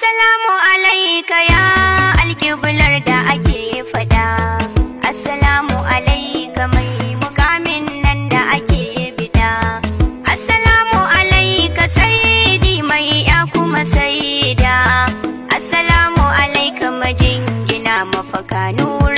Assalamu alaika ya alƙiblar da ake faɗa. Assalamu alaika mai mukamin nan da ake bida. Assalamu alaika saidi mai ya kuma saida. Assalamu alaika majingina mafaka